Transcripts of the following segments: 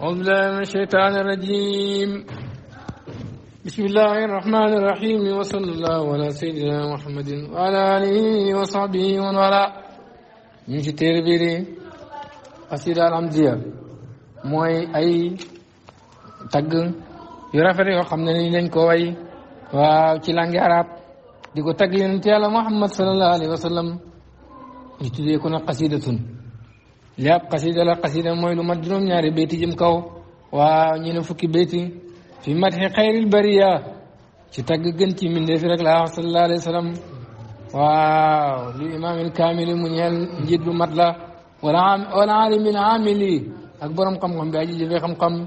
أعوذ بالله من الشيطان الرجيم بسم الله الرحمن الرحيم وصلى الله على سيدنا محمد وعلى آله وصحبه ومن والاه نمشي تيربيري أسير الأمزية موي أي تاغ يرافري وخمنا نيلين كوي واو تي لانغي عرب ديكو تاغ يونتي محمد صلى الله عليه وسلم نتي ديكو قصيدة لاب قصيدة لا قصيدة مويل لو مدروم نياري بيتي جيم كاو وا بيتي في مدح خير البرية تي تاغ من ديف رك الله صلى الله عليه وسلم واو لامام الكامل من جد مدلا ولا عالم العاملي أكبر كم كم بأجي جي خم كم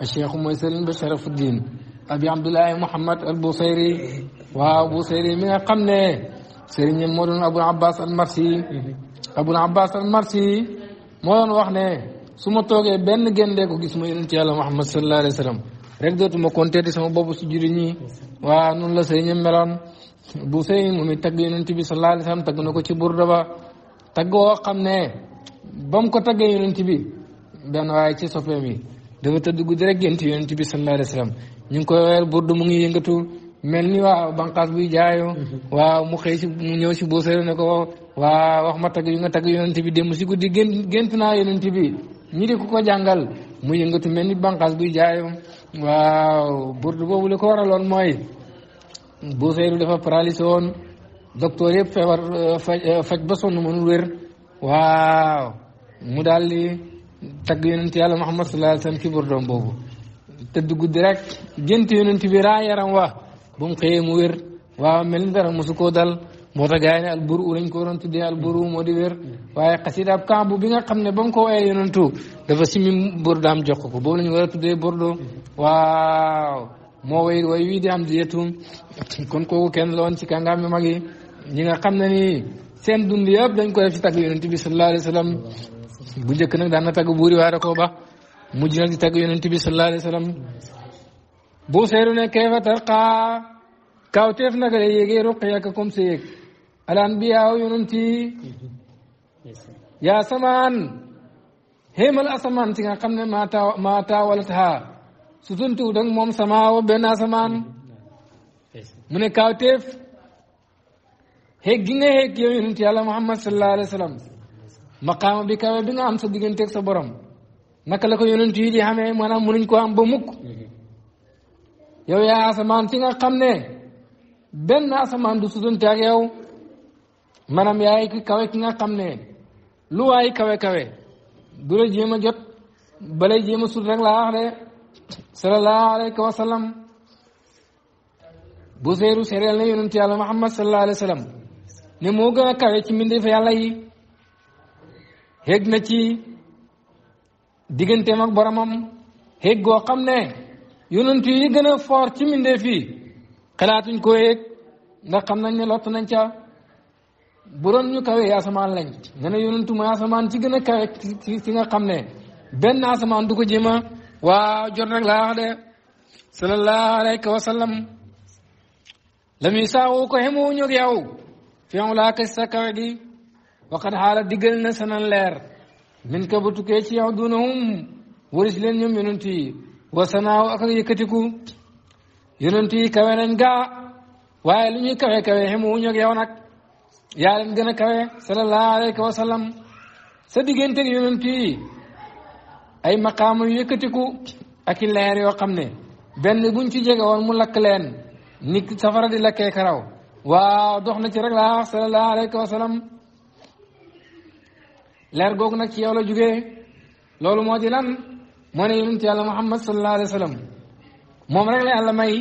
الشيخ موي سليم بشرف الدين ابي عبد الله محمد البوصيري وابو سيري من قمنه سيرين مودن ابو عباس المرسي ابو العباس المرسي moo doon wax ne su ma toogee benn gende ko gis ma yonente yàlla mouhamad salallah alih w sallam rek dootu ma kon teeti sama bopp si juri ñi waa noonu la sëñe meloon bu sëñ mu mi tagg yonente bi salallah alih w sallam tagg na ko ci burda ba tagg woo xam ne ba mu ko taggee yonente bi benn waaye ci soppee mi dafa tëdd gu direct gent yonente bi salallah alih w sallam ñu ngi koy weer burda mu ngi yëngatu mel ni waaw banqaas buy jaayoo waaw mu xëy si mu ñëw si boosare ne ko waaw wax ma tagg yu nga tagg yonent bi démb si guddi gént gént naa yonent bi ñi di ku ko jàngal mu yëngatu mel ni banqaas buy jaayoo waaw burdu boobu li ko waraloon mooy boosare dafa paralysé woon docteur yëpp feebar faj faj ba sonn mënul wér waaw mu daal di tagg yonent yàlla Muhammad sallallahu alayhi wasallam ci burdoom boobu tëdd guddi rek gént yonent bi raa yaram wa ba mu xëyee mu wér waaw mel ni dara mosu koo dal moo tax gars yi ne alburu lañ ko waroon tuddee alburu moo di wér waaye xasidaab kambu bi nga xam ne ba mu ko woyee yonantu dafa simi bordaam jox ko boobu la ñu war a tuddee bordo waaw moo way way wii di am di kon kooku kenn la woon ci kàngaam yu mag yi ñi nga xam ne nii seen dund yëpp dañ ko def ci tagg yonent bi sallallahu alayhi wa bu njëkk nag daan na tagg buuri waare ko ba mujj nag di tagg yonent bi sallallahu alayhi wa sallam bu seeru ne kayfa tarqaa kawteef naga lay yéegee ruqyaka comme sa yéeg al anbiyaa yonent yaa samaan xéemal asamaan si nga xam ne maa taa maa taawalat haa su tuntuwu dang moom samaawo benn asamaan mu ne kawteef xéeg gi nga xéeg yow yonent yàlla muhammad sallallahu alayhi wa sallam maqaama bi kawe bi nga am sa digganteeg sa borom naka la ko yonent yi di xamee maanaam mënuñ ko am ba mukk yow yaay asamaan si nga xam ne benn asamaan du sutante ak yow maanaam yaay ki kawe ki nga xam ne lu waay kawe kawe du la jéem a jot balay jéem a sut rek laa wax de sallallahu alayhi wa sallam bu seeru seereel na yonent yàlla Muhammad sallallahu alayhi wa ne moo gën a kawe ci mbindeef yàlla yi xéeg na ci diggante ak boromam xéeg goo xam ne yonent yi gën a ci mbindéef yi xalaatuñ ko yëg ndax xam nañ ne lott nañ ca bu doon ñu kawee asamaan lañ nga ne yonentu asamaan ci gën a kawe ci nga xam ne benn asamaan du ko jéema waaw jot rek laa wax de sallallahu alayhi wa sallam la muy saawoo ko xemoo ñog laa ka sa kawe gi waqat xaala diggal na sanan leer min ka ba tukkee ci yow dunahum waris leen ñoom yonent wasanaaw ak ak yëkkatiku yonent yi kawe nañ gaa waaye lu ñuy kawe kawe xamu ñoog yow nag yaa leen gën a kawe sallallahu alayhi wa sallam sa digganteeg yonent yi ay maqaama yëkkatiku ak i leer yoo xam ne benn buñ ci jege woon mu lakk leen ni safara di lakkee karaw waaw dox na ci rek laa wax sallallahu alayhi wa sallam nag ci yow la jugee loolu moo di moo ne yonent yàlla muhammad sallallahu alayhi wa sallam moom rek la yàlla may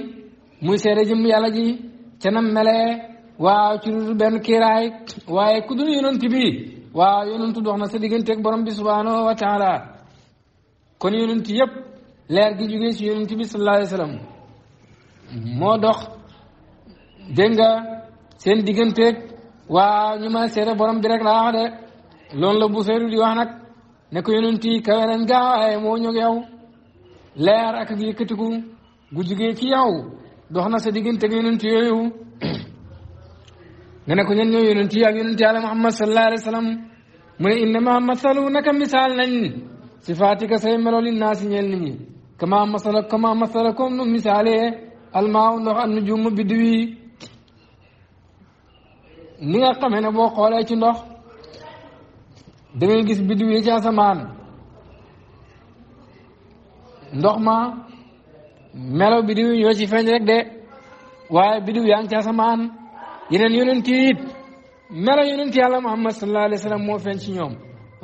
yàlla ji ca nam melee waaw ci benn kiiraay waaye ku dul yonent bi waaw yonentu dox na sa digganteeg borom bi subhanahu wa taala kon yonent yëpp leer gi jógee ci yonent bi sallallahu alayhi wa sallam moo dox dégg seen digganteeg waaw ñu ma seede borom bi rek laa wax de loolu la bu seeru di wax nag ne ko yonent yi kawe nañ moo ñëw yow leer ak ak yëkkatiku gu jugee ci yow dox na sa diggante ak yonent yooyu nga ne ko ñen ñoo yonent yi ak yonent yàlla muhammad sallallahu alayhi wa sallam mu ne innama masalu naka misaal say melo li naasi ñeel nit kama masala kama nu misaalee almaaw ndox an nujuum biddiw yi ni nga boo xoolee ci ndox da ngay gis biddiw yi ci asamaan ndox ma melaw biddiw yi ñoo ci feeñ rek de waaye biddiw yaa ngi ci asamaan yeneen yonent yi it melaw yonent yàlla Muhammad sallallahu alayhi wa moo feeñ ci ñoom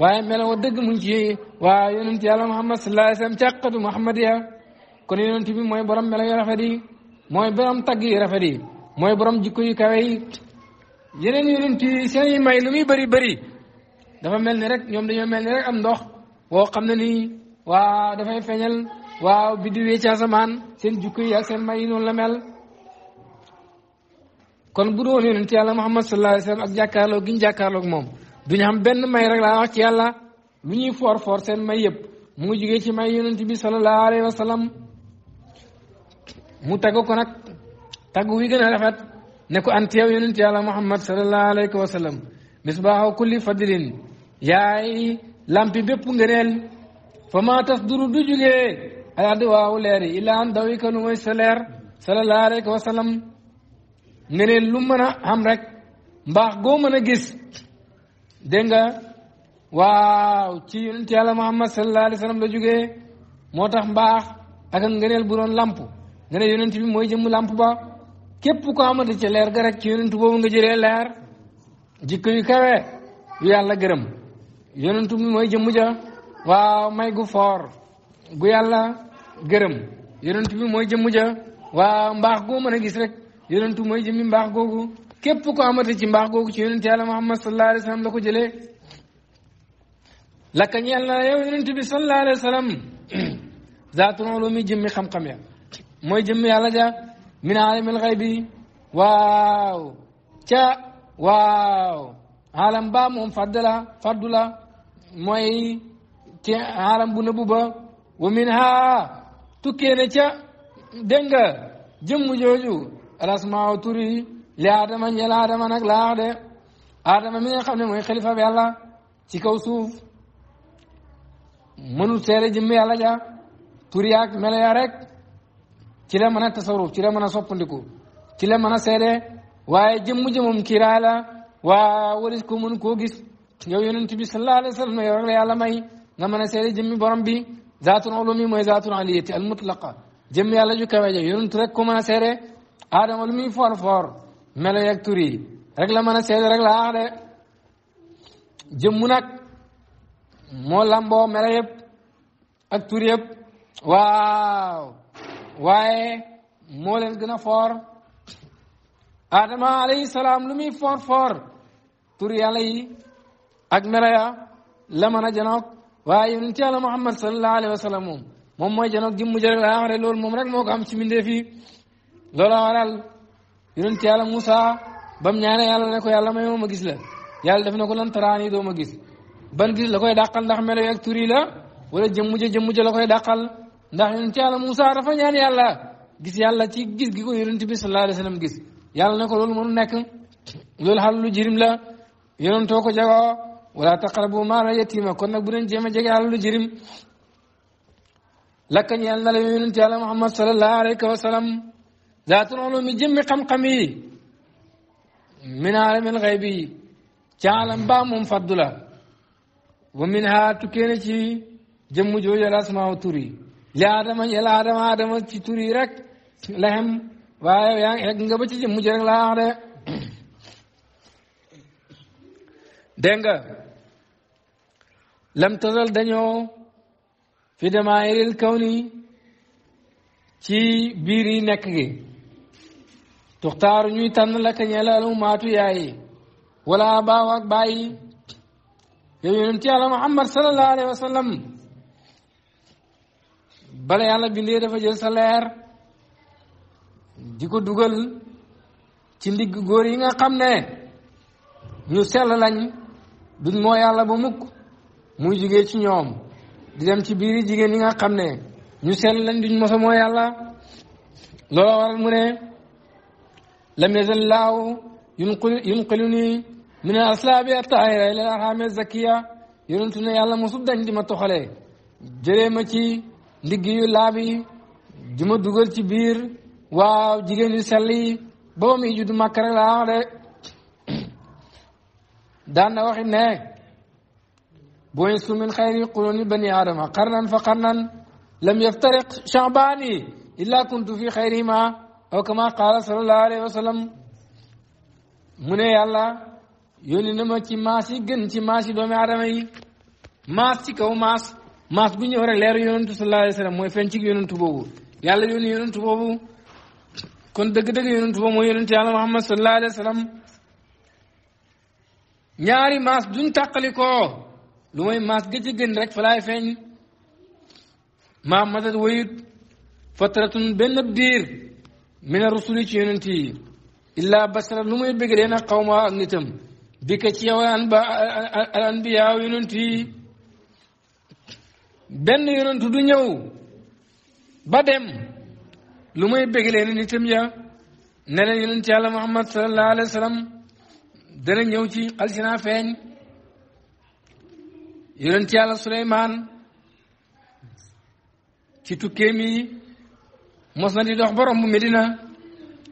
waaye melaw dëgg mu ngi ci waaye yonent yàlla Muhammad sallallahu alayhi wa sallam càqatu Muhammad ya kon yonent bi mooy borom melaw yu rafet yi mooy borom tagg yu rafet yi mooy borom jikko yu kawe yi yeneen yonent yi seen yi may lu muy bari dafa mel ni rek ñoom dañoo mel ni rek am ndox woo xam ne nii waa dafay feeñal waaw biddiwee ci samaan seen jukko yi ak seen may yi noonu la mel kon bu doon yonent yàlla Muhammad sallallahu alayhi ak jàkkaarloo gi ñu jàkkaarloog moom duñu xam benn may rek laa ci yàlla lu ñuy foor foor seen may yëpp mu ngi ci may yonent bi sallallahu alayhi wa sallam mu tagg ko nag tagg wi gën a rafet yow yonent yàlla Muhammad sallallahu alayhi wa sallam misbaaxu kulli fadlin yaay lampi bépp ngëneel fa maa tas duru du jóge ay addi waawu leer yi illaan daw yi kanu mooy sa leer sallallahu alayhi lu mën a am rek mbaax goo mën a gis dégg nga waaw ci yonent yàlla muhammad sallallahu alayhi wa sallam la jugee moo tax mbaax ak ngëneel bu doon lamp nga ne mooy jëmm làmp ba képp ko xamante ci leer ga rek ci yonent boobu nga jëlee leer jikko yu kawe yu yàlla gërëm yonentu bi mooy jëmm ja waaw may gu foor gu yàlla gërëm yonentu bi mooy jëmm ja waaw mbaax goo mën a gis rek yonentu mooy jëmmi mbaax googu képp ko amate ci mbaax googu ci yonent yàlla muhammad sallallahu alayhi wa sallam la ko jëlee lakka ñeel na yow yonent bi sallallahu alayhi wa sallam zaatu ulumi jëmmi xam-xam ya mooy min alamil xaybi waaw ca waaw alam ba moom faddu la mooy ci xaalam bu nëbbu ba wa min ha tukkee na ca dégg nga jëmm jooju alasmaaw turi li aadama ñeel aadama nag laa wax de aadama mi nga xam ne mooy xalifa bi yàlla ci kaw suuf mënul seere jëmm yàlla ja tur yaag melo ya rek ci la mën a tasaruf ci la mën a soppandiku ci la mën a seede waaye jëmm jëmmum kiiraay la waa walis ko mën koo gis يو يونس تبي صلى الله عليه وسلم يرجع على ماي نما نسير جمي برام بي ذات علومي مه ذات عالية المطلقة جمي على جو كم جاي يونس ترك كم نسير آدم علومي فور فور ملا يكتوري رجلا ما نسير رجلا آدم جمونك مولام بو ملا يب أكتوري يب واو واي مولن جنا فور آدم عليه السلام لمي فور فور توري عليه ak mela ya la mën a janoog waaye yonent yàlla Muhammad sallallahu alayhi wa sallam moom moom mooy janoog jëmmu jël laa xam ne loolu moom rek moo ko am ci mbindeef yi loolu waral yonent yàlla Moussa ba mu ñaane yàlla ko yàlla may ma ma gis la yàlla def na ko lan taraani ma gis ban gis koy dàqal ndax melo yeeg tur la wala jëmmu ja jëmmu ja la koy dàqal ndax yonent yàlla Moussa dafa ñaan yàlla gis yàlla ci gis gi ko yonent bi sallallahu alayhi wa sallam gis yàlla ne ko loolu mënu nekk loolu xal lu jirim la yonentoo ko jagoo ولا تقربوا مال اليتيم كنا بودن جيما جيغا لو جيريم لك نيال نال يونت يالا محمد صلى الله عليه وسلم ذات العلوم جيم قمقمي من عالم الغيب تعلم بام فضلا ومنها تكينتي جم جو يلا اسماء توري يا ادم يا ادم ادم تي توري رك لهم واي يا نغا بتي جم جو لا ده دنگا lam tasal dañoo fi damaayiril kawni ci biir yi nekk gi tuxtaaru ñuy tànn la ka ñeel al umaatu yaayi wala baaw ak bàyyi yow yonent yàlla Muhammad sallallahu alayhi bala yàlla bindee dafa jël sa leer di ko dugal ci ndigg góor yi nga xam ne ñu sell lañ duñ moo yàlla ba mukk muy jugee ci ñoom di dem ci biir jigéen ñi nga xam ne ñu sell lañ duñ mosa moo yàlla loolu waral mu ne lam yazal laahu yunqil yunqiluni min al aslaabi attahira ila al arhami zakiya yonentu ne yàlla mosub dañ di ma toxalee jëlee ma ci ndigg yu laab di ma dugal ci biir waaw jigéen yu sell yi ba ma muy judd màkk laa daan na waxit ne بوين سو من خير يقولون بني آدم قرنا فقرنا لم يفترق شعباني إلا كنت في خيرهما أو كما قال صلى الله عليه وسلم من يا الله يوني نما كي ماسي جن كي ماسي دوم آدم أي ماسي كو ماس ماس بني ورا لير يوني صلى الله عليه وسلم مي فنتي يوني تبوه يا الله يوني يوني تبوه كن دك دك يوني تبوه مي يوني الله محمد صلى الله عليه وسلم ñaari maas duñ takaliko lu mooy maas gëj gën rek fa laay feeñ maa madat wayut fataratun benn diir mina rusuli ci yonent yi illaa basara lu may bëgg leen ak xawma ak nitam bi ko ci yow an ba al anbiyaa yonent yi benn yonent du ñëw ba dem lu muy bëgg leen nitam ya ne leen yonent yàlla Muhammad sallallahu alayhi wa sallam dana ñëw ci alsina feeñ yonent yàlla Suleymaan ci tukkeem yi mos na di dox borom bu Medina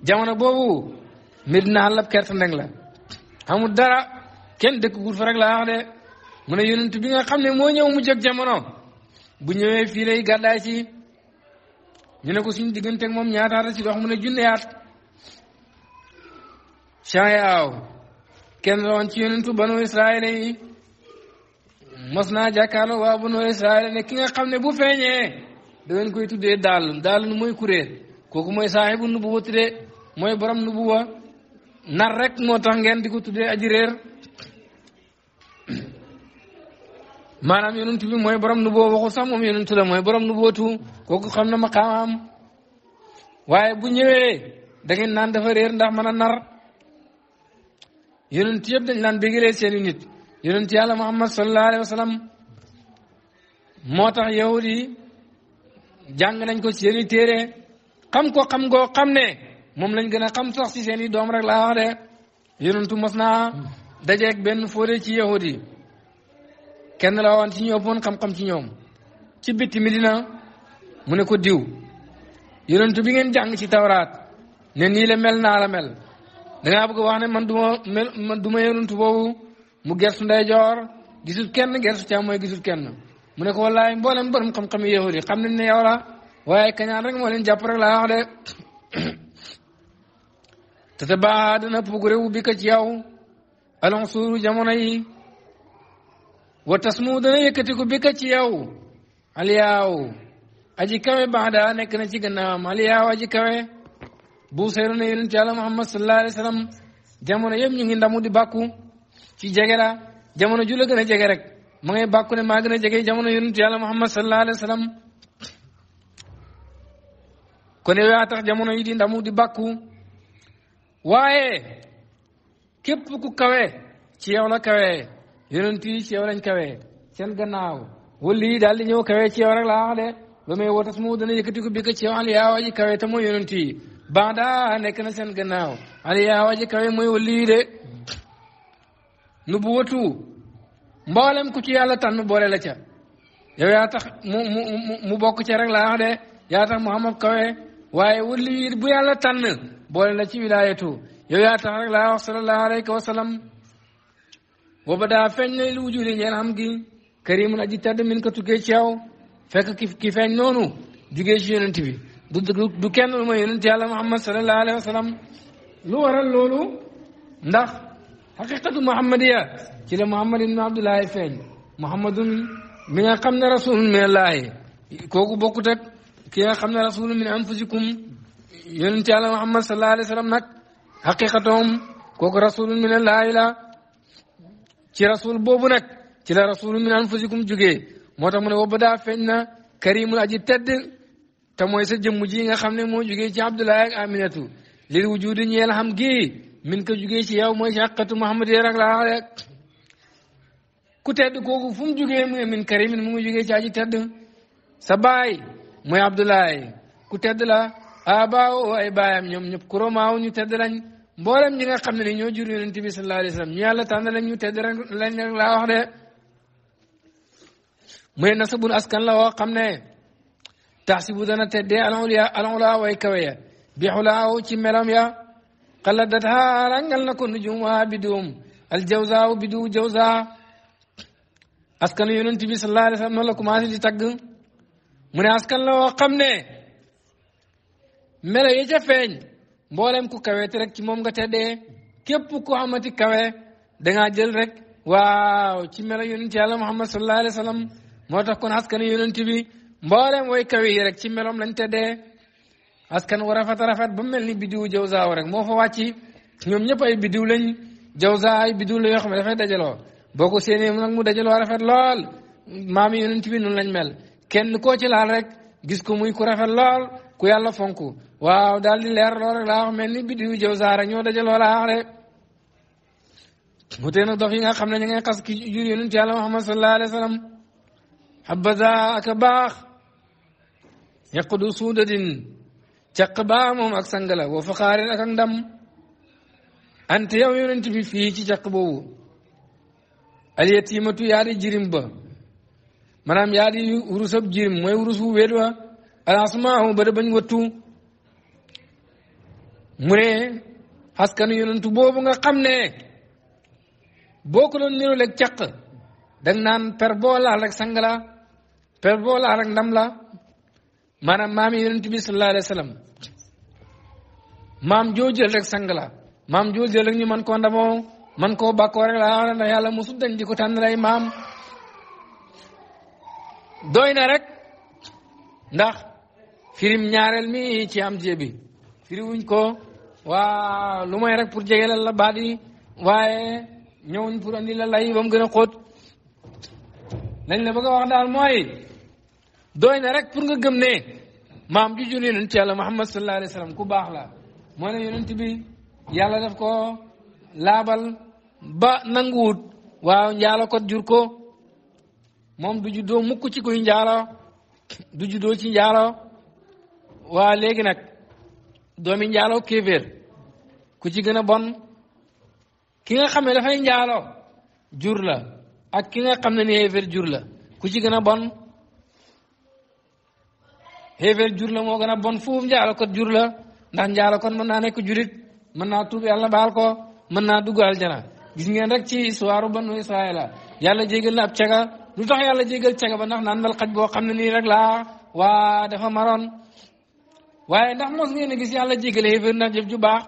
jamono boobu Medina àllab kerte nag la amul dara kenn dëkk guur rek laa wax de bi nga xam ne moo ñëw mu jóg jamono bu ñëwee fii lay gàddaay ci ñu ne ko suñu digganteeg moom ñaataata ci dox mu ne junneyaat chan yaaw kenn doon ci yonentu banu Israayil yi mos naa jàkkaarloo waa banu Israayil ne ki nga xam ne bu feeñee da koy tuddee daal daalun mooy kuréel kooku mooy saaxibu nubuwa tuddee mooy borom nubuwa nar rek moo tax ngeen di ko tuddee aji réer maanaam yonent bi mooy borom nubuwa waxu sax moom yonent la mooy borom nubuwatu kooku xam na maqaamam waaye bu ñëwee dangeen naan dafa réer ndax mën a nar yonent yëpp dañ naan bégalee seen nit yonent yàlla muhammad sallallahu alayhi wa sallam moo tax yahud yi jàng nañ ko ci seen i téere xam ko xam goo xam ne moom lañ gën a xam sax doom rek laa wax de yonentu mos naa dajeeg benn fóore ci yahud yi kenn la woon ci ñu ëppoon ci ñoom ci bitti midina mu ne ko diw yonentu bi ngeen jàng ci tawraat ne nii la mel naa la mel da ngaa wax ne man du ma boobu mu gersu ndeyjoor gisul kenn gersu càmmooy gisul kenn mu ne ko wallaay mboolem borom xam-xam yi yahudi xam nañ ne yow la waaye kañaan rek moo leen jàpp rek laa wax de te te baa dana pugure wu bi ci yow alon suuru jamono yi wa tasmu dana yëkkatiku bi ci yow aliyaaw aji kawe baax daa nekk na ci gannaawam aliyaaw aji kawe bu seeru na yonent yàlla muhammad sallallahu alayhi wa sallam jamono yëpp ñu ngi ndamu di bàkku ci jege la jamono ju la gën a jege rek ma ngay bàkku ne maa gën a jege jamono yonent yàlla muhammad sallallahu alayhi wa sallam kon yow yaa tax jamono yi di ndamu di bakku waaye képp ku kawe ci yow la kawe yonent yi ci yow lañ kawe seen gannaaw wala yi daal di ñëw kawe ci yow rek laa wax de ba muy wootas moo dana yëkkati ko bi ko ci yow aliyaa kawe te mooy yonent yi baada nekk na seen gannaaw aliyaa waa ji kawe mooy wala de nu bu watu mboolem ku ci yàlla tànn boole la ca yow yaa mu mu mu bokk ca rek laa wax de yaa tax Muhammad kawe waaye wali yi bu yàlla tànn boole la ci wilaayatu yow yaa tax rek laa wax sallallahu alayhi wa sallam booba daa feeñ lay lu wujuli ñeen xam gi karimun aji tedd min ko tukkee ci yow fekk ki ki feeñ noonu jugee ci yonent bi du du kenn lu ma yonent yàlla Muhammad sallallahu alayhi wa sallam lu waral loolu ndax xaqiqatu muhammadiya ci la muhammad ibn abdullahi feeñ muhammadun mi nga xam ne rasulun min allahi kooku bokkut ak ki nga xam ne rasulun min anfusikum yonent yàlla muhammad sallallahu alayhi wa sallam nag xaqiqatoom kooku rasulun min allahi la ci rasul boobu nag ci la rasulun min anfusikum jógee moo tax mu ne wobba daa feeñ na karimul aji tedd te mooy sa jëmm ji nga xam ne moo jógee ci abdullahi ak aminatu lil wujudi ñeel xam gii min ko jugee ci yow mooy sàqatu Muhammad rek laa rek ku tedd kooku fu mu jugee mu ne min karimin mu ngi jugee ci aji tedd sa baay mooy Abdoulaye ku tedd la abaaw ay baayam ñoom ñëpp kuromaaw ñu tedd lañ mboolem ñi nga xam ne ñoo jur yonent bi sallallahu alayhi wasallam ñu yàlla tànn lañ ñu tedd rek lañ rek laa wax de mu ne nasabun askan la woo xam ne taxsibu dana teddee alawliya alawlaa way kawe ya bi xulaaw ci melam ya xaladat ha rangal na ko nujum waa biduwum aljawza u bidu jawza askan yonent bi sallallahu alayhi wa sallam noonu la commencé di tagg mu ne askan la woo xam ne melo yi ca feeñ mboolem ku kawe te rek ci moom nga teddee képp ku amati kawe dangaa jël rek waaw ci melo yonent yàlla muhammad sallallahu alayhi wa sallam moo tax kon askan yonent bi mboolem way kawe yi rek ci melom lañ teddee askan wu rafet rafet ba mu mel ni biddiwu jawzaaw rek moo fa wàcci ñoom ñëpp ay bidiw lañ jawzaa ay biddiw la yoo xam ne dafay dajaloo boo ko séenee mu dajaloo rafet lool maam yi yonent bi noonu lañ mel kenn ko ci laal rek gis ko muy ku rafet lool ku yàlla fonk waaw daal di leer lool rek laa wax mel ni biddiwu jawzaa rek ñoo dajaloo laa wax de mu tee nag dox yi nga xam ne ñu ngay xas ki jur yonent yàlla Muhammad sallallahu alayhi wa sallam habaza ak a baax suudadin caq baa moom ak sangala la wa faxaarin ak ak ndam ante yow yonent bi fii caq boobu alyatimatu yaa di jirim ba maanaam yaa wurusab jirim mooy wurusu wéet wa alasmaahu ba da bañ wattu mu ne xaskanu yonentu boobu nga xam ne boo ko doon niru leeg caq dang naan per boo laal rek sang per boo laal rek ndam la maanaam maam yi yonent bi sallallahu alayhi wa sallam maam joo rek sang la maam joo jël rek ñu man koo ndamoo man koo bàkkoo rek laa ndax yàlla musu dañ di ko tànn lay maam doy na rek ndax firim ñaareel mi ci am jébi firiwuñ ko waa lu mooy rek pour jege la la baat yi waaye ñëwuñ pour andi la ba mu gën a xóot lañ la bëgg wax daal mooy doy na rek pour nga gëm ne maam ju jur yonent yàlla muhammad sallallahu alayhi wa sallam ku baax la moo ne yonent bi yàlla daf ko laabal ba nanguwut waaw njaalo kot jur moom du ci kuy njaalo du juddoo ci njaalo waaw léegi nag doomi njaalo kéeféer ku ci gën a bon ki nga xam ne dafay njaalo jur la ak ki nga xam ne ni kéeféer jur la ku ci gën a bon hevel jur la moo bon fuuf njaalakot jur la ndax njaalakot mën na nek jurit mën na tuub yalla baal ko mën na dugg aljana gis ngeen rek ci histoire banu israila yalla jéggal na ab ciaga lu tax yalla jéggal ciaga ba ndax naan dal xaj bo xam ni rek la wa dafa maron waye ndax mos ngeen a gis yalla jéggal hevel na jëf ju baax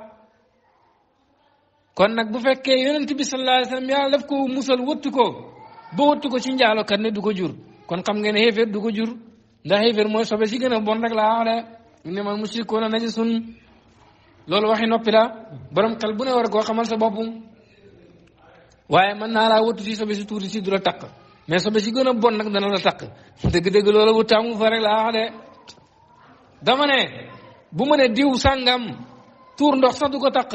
kon nak bu fekke yaronte bi sallallahu alayhi wasallam yalla daf ko musal wottu ko bo wottu ko ci njaalokat ne du ko jur kon xam ngeen hevel du ko jur ndax xéeféer mooy sobe si gën a bon rek laa wax de ne man mushrikuuna najisun loolu waxi noppi la borom xel bu ne war koo xamal sa bopp waaye mën naa laa wëttu si sobe si tuuti si du la takk mais sobe si gën a bon nag dana la takk dëgg-dëgg loolu wutaamu fa rek laa wax de bu ma diw sàngam tuur ndox sax du ko takk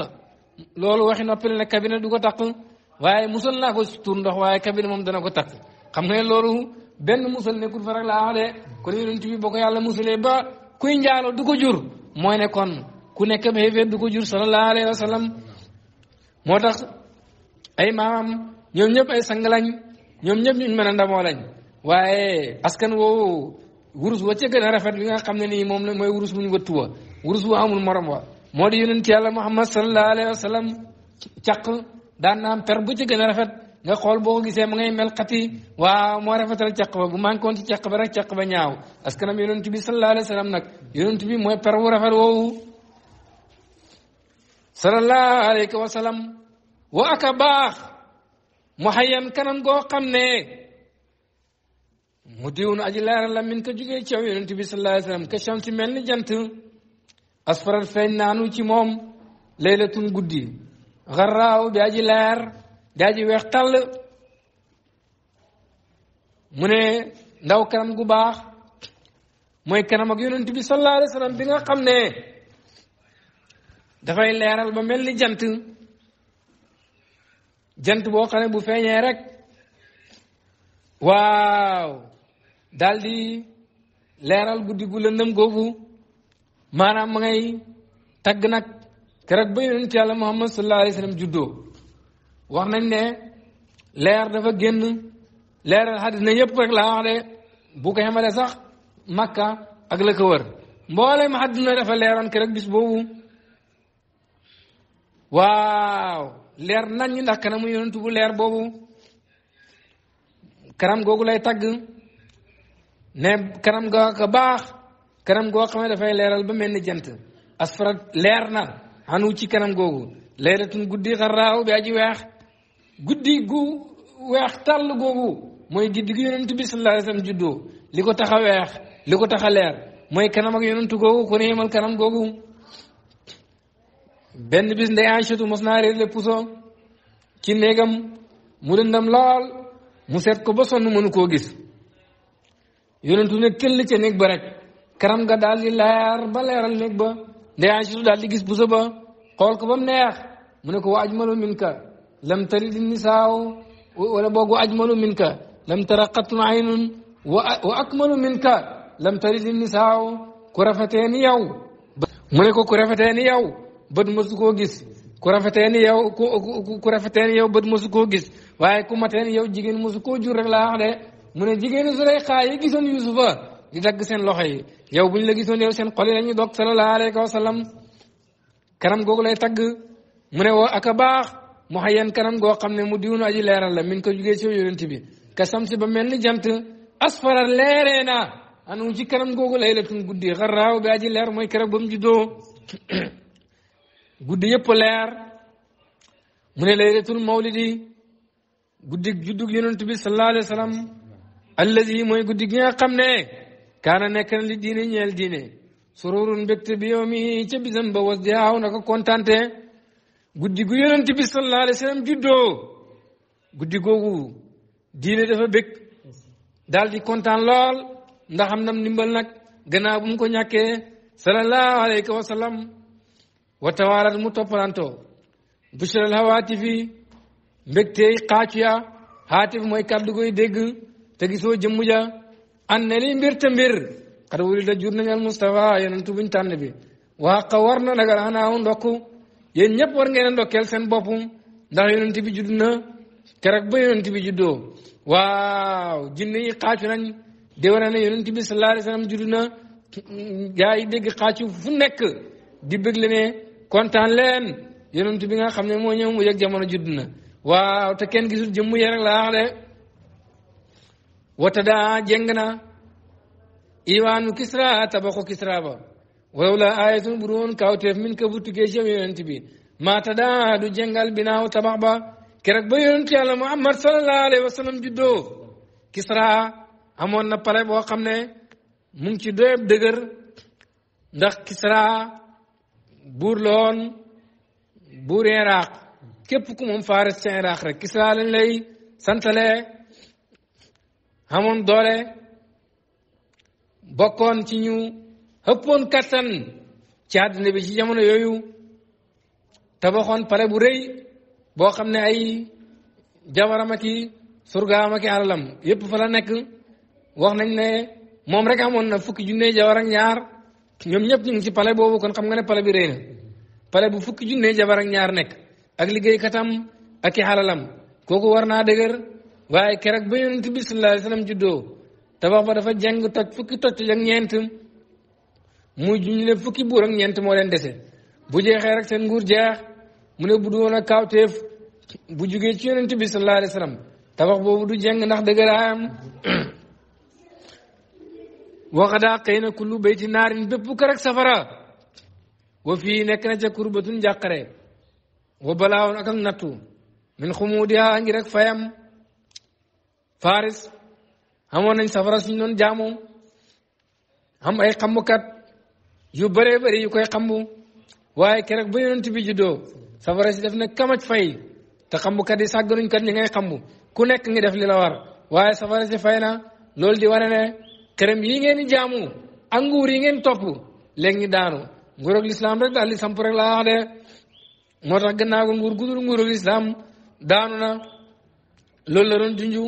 loolu waxi noppi la ne kabine du ko takk waaye musal naa ko si tuur ndox waaye kabine moom dana ko takk xam nga loolu benn musal nekkul fa rek laa wax de kon yonent bi boo ko yàlla musalee ba kuy njaalo du ko jur mooy ne kon ku nekk ba xëy du ko jur sallallahu alayhi wa sallam moo tax ay maamam ñoom ñëpp ay sang lañ ñoom ñëpp ñu mën a ndamoo lañ waaye askan woowu wurus wa ca gën a rafet li nga xam ne nii moom la mooy wurus muñ wëttu wa wurus wa amul morom wa moo di yonent yàlla muhammad sallallahu alayhi wa sallam caq daan na per bu ca gën a rafet. nga xool boo gisee ma ngay mel xati waaw moo rafetal caq ba bu manqué woon ci caq ba rek caq ba ñaaw askanam yonent bi sallallahu alayhi wa sallam nag yonent bi mooy per wu rafet woowu sallallahu alayhi wa sallam wa ak baax mu xayan kanam goo xam ne mu diwun aji leeral la min ko jógee ci yow yonent bi sallallahu alayhi wa sallam ka shamsi mel ni jant asfaral feeñ naanu ci moom laylatun guddi xarraaw bi aji leer daa ji weex tàll mu ne ndaw kanam gu baax mooy kanam ak yonent bi sallallahu bi nga xam ne dafay leeral ba mel ni jant jant boo xam ne bu feeñee rek waaw daal di leeral guddi gu lëndëm googu maanaam ma ngay tagg nag keroog ba yonent yàlla Muhammad sallallahu alayhi wa sallam wax nañ ne leer dafa génn leeral xadis ne yëpp rek laa wax de bu ko xamale sax makka ak la ko wër mboolem àdduna dafa leeroon ke rek bis boobu waaw leer nañ ñi ndax mu yonentu bu leer boobu kanam googu lay tagg ne kanam ga ko baax kanam goo xam dafay leeral ba mel ni jant asfarat leer na xanu ci kanam googu laylatun bi aji weex guddi gu weex tàll googu mooy guddi gu yonentu bi sallallahu alayhi wasallam juddoo li ko tax a weex li ko tax a leer mooy kanam ak yonentu googu ku ne yemal kanam googu benn bis ndey Aysatu mos naa réer le puso ci néegam mu dëndam lool mu seet ko ba sonn mënu koo gis yonentu ne tëll ca néeg ba rek kanam nga daal di leer ba leeral néeg ba ndey Aysatu daal di gis puso ba xool ko ba neex mu ne ko wa ajmalu minka لم تلد النساء ولا بوغو أجمل منك لم تر قط عين وأكمل منك لم تلد النساء كرفتين يو منكو كرفتين يو بد مسكو جس كرفتين يو كرفتين يو بد مسكو جس waaye ku mateen yow jigéen mosu koo jur rek laa wax de mu ne jigéenu Zuleyxa yi gisoon Yuusufa di dagg seen loxo yi yow bu ñu la gisoon yow seen xol yi lañuy dog sallallahu alayhi wa sallam kanam googu lay tagg mu ne woo ak a baax mu yan kanam goo xam ne mu diwnu aji leeral la min ko jugee ci yonent bi ka samsi ba mel ni jant asfara leeree naa anu ci kanam googu laylatun guddi xaraaw bi aji leer mooy keroog ba mu juddoo guddi yëpp leer mu ne laylatul mawlidi guddi juddug yonent bi sallallahu alayhi wa sallam allazi mooy guddi gi nga xam ne kaana nekk na li diine ñeel diine sururun mbégte bi ca bisam ba was di aaw na ko kontante guddi gu yonent bi sallallahu alayhi wa sallam guddi googu diine dafa bëgg daal di kontaan lool ndax am na ndimbal nag gannaaw bu ko ñàkkee sallallahu alayhi wa sallam mu toppalantoo bushral hawaatifi mbégtey xaacu ya xaatif mooy kàddu koy dégg te gisoo jëmm ja an ne li mbir te mbir xat wuli da jur Mustafa yonentu buñ tànn bi waa ka war na dagal xanaa ndokk yéen ñëpp war ngeen a ndokkeel seen bopp ndax yonent bi judd na keroog ba yonent bi juddoo waaw jinne yi xaacu nañ di wane ne yonent bi sallallahu alayhi na gaa yi dégg xaacu fu nekk di bëgg ne kontaan yenoon yonent bi nga xam ne moo ñëw mu yëg jamono judd na waaw te kenn gisul jëmm yee rek laa wax de wata daa jeng na iwaanu Kisra tabaxu Kisra ba walaw la aayatun bu du woon kawteef min ka bu tukkee ci yonent bi maa tadaa du jëngal binaaw tabax ba keroog ba yonent yàlla Muhammad sallallahu alayhi wa sallam juddoo Kisra amoon na pale boo xam ne mu ci doyeb dëgër ndax Kisra buur la buur Iraq képp ku moom Faris ci Iraq rek Kisra lañ lay santale amoon doole bokkoon ci ñu ëppoon kattan ci àddina bi ci jamono yooyu tabaxoon pare bu rëy boo xam ne ay jabaram ak i surgaam ak i alalam yépp fa la nekk wax nañ ne moom rek amoon na fukki junne jabar ak ñaar ñoom ñëpp ñu ci pale boobu kon xam nga ne pale bi rëy na pale bu fukki junne jabar ak ñaar nekk ak liggéeykatam ak i alalam kooku war naa dëgër waaye keroog ba yonent bi sallallahu alayhi tabax ba dafa jeng toj fukki toj ak ñeent muy ñu ne fukki buur ak ñeent moo leen dese bu jeexee rek seen nguur jeex mu ne bu doon a kaawteef bu jugee ci yonent bi sallallahu alayhi wa sallam tabax boobu du jeng ndax dëgëraayam waxadaa xëy na kullu bayti naarin bépp kër ak safara wa fii nekk na ca kurbatun jàqare wa balaawoon ak ak nattu min xumuudiha ngi rek fayam faris xamoon nañ safara suñ doon jaamoo xam ay xamukat yu bëree bëri yu koy xambu waaye keroog ba yonent bi juddoo safara si def na kamat fay te xambukat yi sàgganuñ kat ñi ngay xambu ku nekk ngi def li la war waaye safara si fay na loolu di wane ne këram yi ngeen di jaamu ak nguur yi ngeen topp léegi ñu daanu nguuroog lislaam rek daal li samp rek moo tax gannaaw ko nguur gudul nguuroog lislaam daanu na loolu la doon junju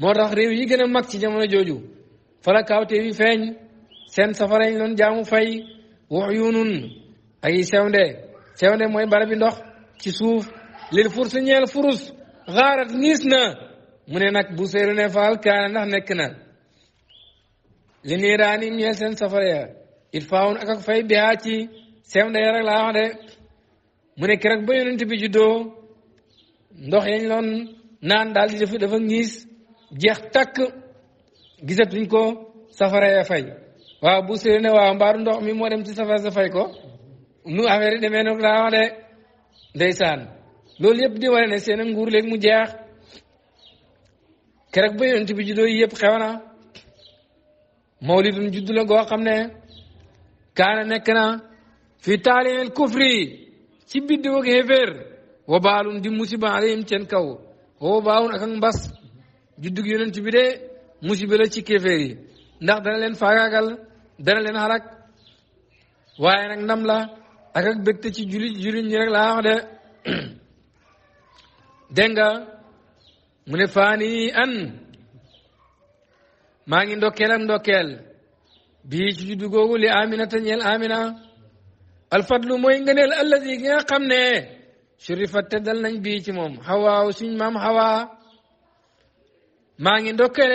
moo tax réew yi gën a mag ci jamono jooju falakaaw te yi feeñ seen safara yi doon jaamu fay wax yu nun ak yi sewnde sewnde mooy barabi ndox ci suuf lil furs ñeel furus xaarat niis na mu ne nag bu seeru ne faal kaana ndax nekk na li niiraani ñeel seen safara ya il faawun ak ak fay bihaa ci sewnde ya rek laa wax de mu ne keroog ba yonent bi juddoo ndox yañ loon naan daal di dafa dafa ngiis jeex takk gisatuñ ko safara ya fay waaw bu sëy ne waaw mbaaru ndox mi moo dem ci safar sa fay ko nu affaire yi demee nag de ndeysaan loolu yëpp di wane ne seen nguur léegi mu jeex keroog ba yonent bi juddoo yëpp xew na mawlidun juddu la goo xam ne kaana nekk na fi taaliyel kufri ci biddiw ak xéeféer wa baalun di musiba alayhim seen kaw wa baawun ak ak mbas juddug yonent bi de musiba la ci kéeféer yi ndax dana leen faagaagal dana leen xalak waaye nag ndam la ak ak ci jullit jullit ñi rek laa wax de dégg mu ne faani an maa ngi ndokkeel ak ndokkeel bii ci juddu googu li amina te ñeel amina alfadlu mooy ngëneel alladi nga xam ne surifat nañ ci moom ngi ndokkeel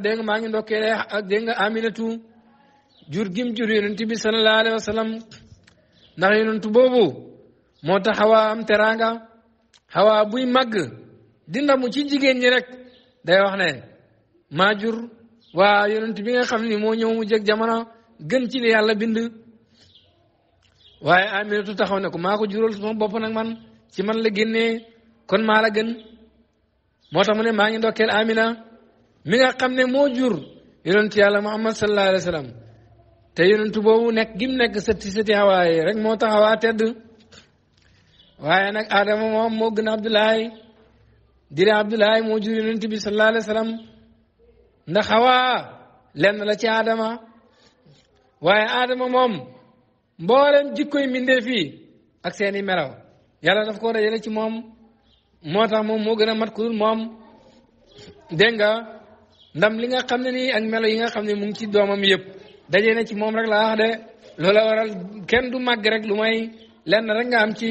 nga maa ngi ndokkeel jur gim jur yonent bi sallallahu alayhi wa sallam ndax yonent boobu moo tax xawaa am teraanga xawaa buy màgg di ndamu ci jigéen ñi rek day wax ne ma jur waa yonent bi nga xam ni moo ñëw mu jeg jamono gën ci li yàlla bind waaye Aminatu taxaw ne ko maako ko jural nag man ci man la génnee kon maa la gën moo tax mu ne maa ngi ndokkeel Amina mi nga xam ne moo jur yonent yàlla Muhammad sallallahu alayhi wa sallam te yonentu boobu nekk gim nekk sëtti sëtti xawaa yi rek moo tax xawaa tedd waaye nag Adama moom moo gën a Abdoulaye dire Abdoulaye moo jur yonent bi sallallahu alayhi wa sallam ndax xawaa lenn la ci Adama waaye Adama moom mboolem jikkoy mbindee fii ak seeni melaw yàlla daf koo dajale ci moom moo tax moom moo gën a mat ku moom dégg nga ndam li nga xam ne nii ak melo yi nga xam ne mu ngi ci doomam yëpp. daje na ci moom rek laa wax de loola waral kenn du màgg rek lu may lenn rek nga am ci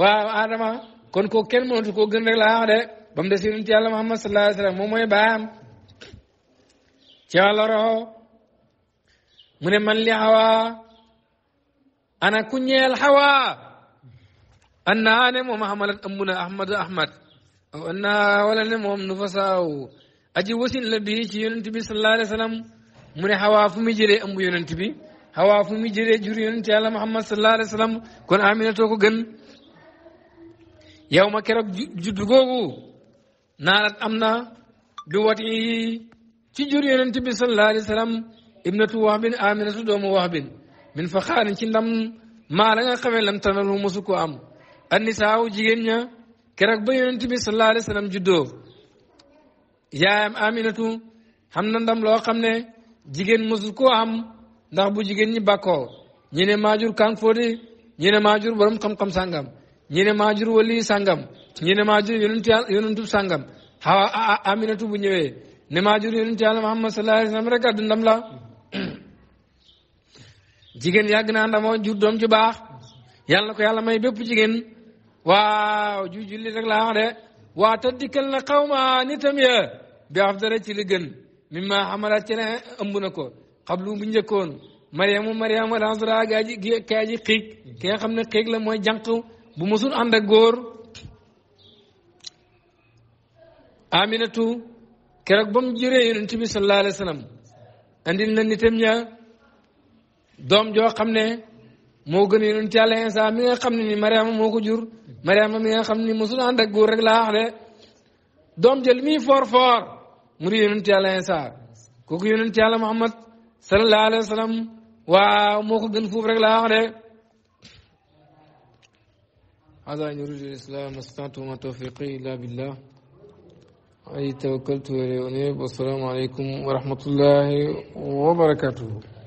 waaw Adama kon ko kenn mënatu koo gën rek laa wax de ba mu des yonent yàlla Muhammad sallallahu alayhi wa sallam moom mooy baayam ci wàllu mu ne man xawa ana ku ñeel xawa annaa ne moom xamalat amu na ahmad ahmad annaa wala ne moom nu fa aji wasin la bii ci yonent bi sallallahu alayhi wa mu ne xawaa fu mu jëlee ëmb yonent bi xawaa fu muy jëlee jur yonent yàlla muhammad sallallahu alayhi wa sallam kon aminatoo ko gën yow ma keroog judd googu naarat am na bi ci jur yonent bi sallallahu alayhi wa sallam ibnatu wax bin aminatu doomu wax bin min fa xaarin ci ndam maa la nga xamee lam tanal mu mosu ko am annisaaw jigéen ña keroog ba yonent bi sallallahu alayhi wa sallam yaayam aminatu xam na ndam loo xam ne jigéen mësul koo am ndax bu jigéen ñi bàkkoo ñi ne maajur kan fóode ñi ne maajur borom xam-xam sàngam ñi ne maajur wali sàngam ñi ne maajur yonent yonentub sàngam xawa aminatu bu ñëwee jur doom ju baax yàlla ko yàlla may bépp jigéen waaw ju julli rek laa wax de waa ta dikkal na xawma nitam ya bi afdara ci mimma xamalat ci ne ëmb na ko xablu bu njëkkoon mariama mariama lansra gaa ji gaa ji xiig ki nga xam ne xiig la mooy jànq bu mësul ànd ak góor aminatu keroog ba mu jëree yonent bi sallallahu alayhi wa sallam andil na nitam ña doom joo xam ne moo gën yonent yàlla Iisaa mi nga xam ne ni mariama moo ko jur mariama mi nga xam ne ni mësul ànd ak góor rek laa wax de doom jël mi foor foor مري يونس يالا انسار كوكو يونس يالا محمد صلى الله عليه وسلم وا موكو گن فوف رك لا وخ دي هذا ان أَيُّهُ يرجو الاسلام استطعت ما توفيقي الا بالله اي توكلت عليه والسلام عليكم ورحمه الله وبركاته